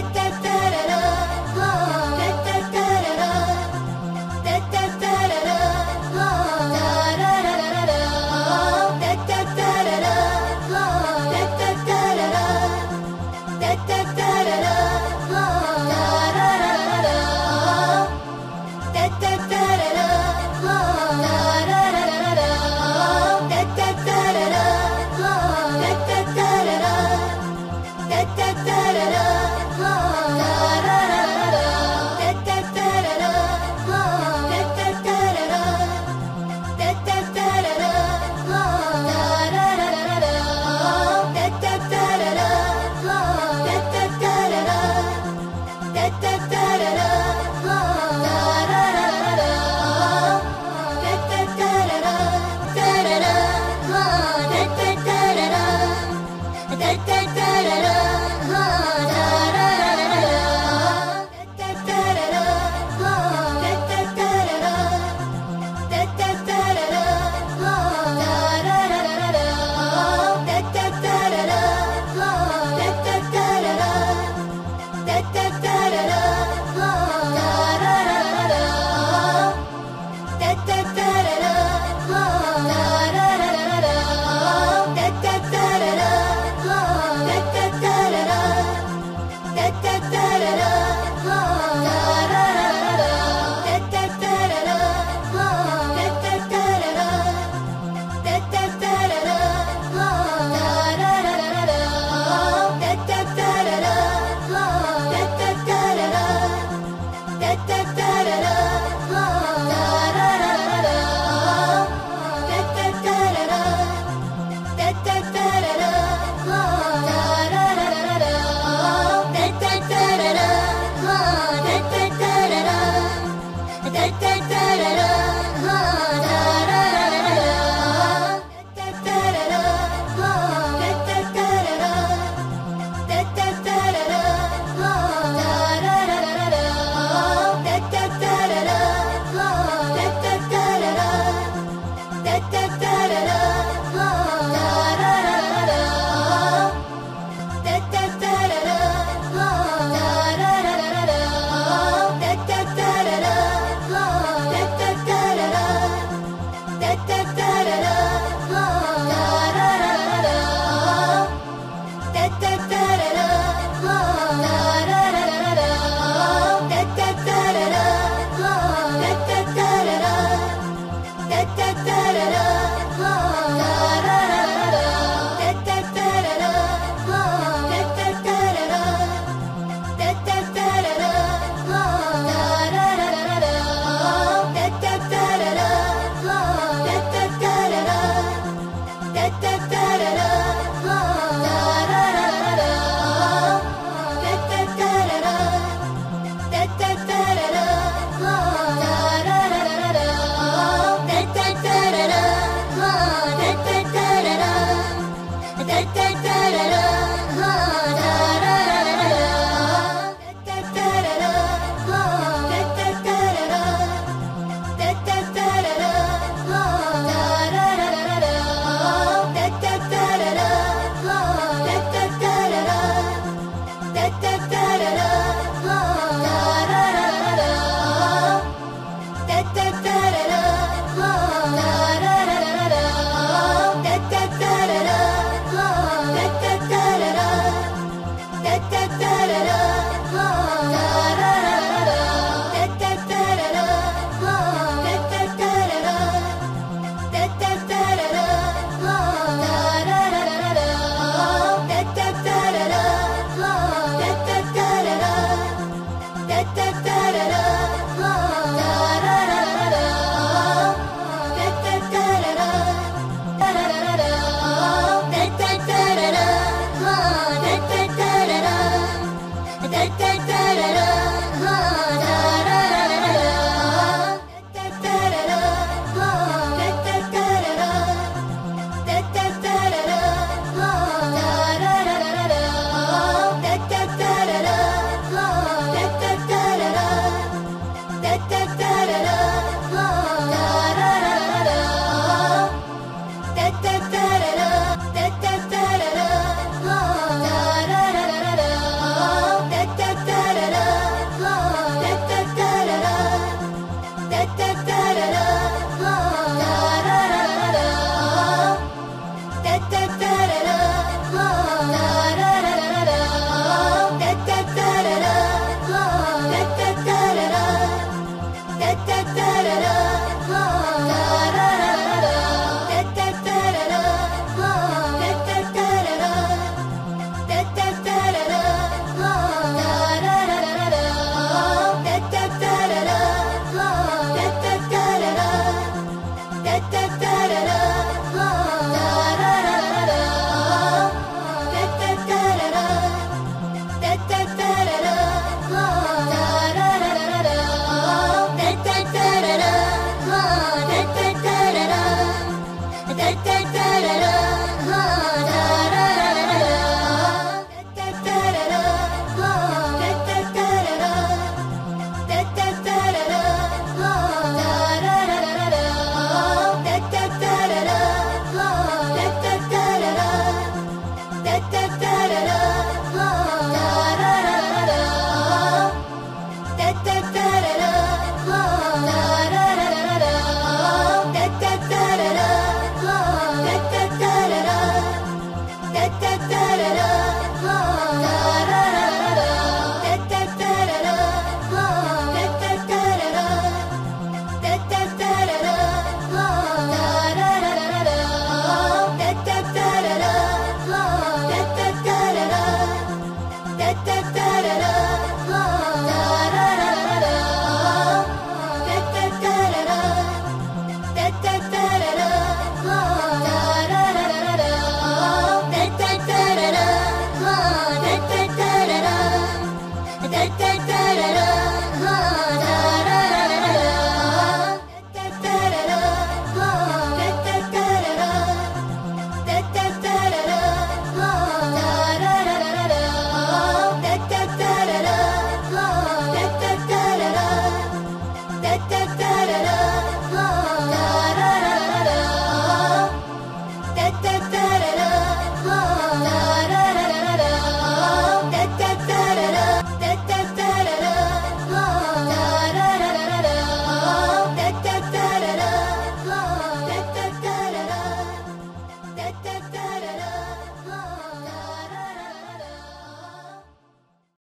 get, get. da da da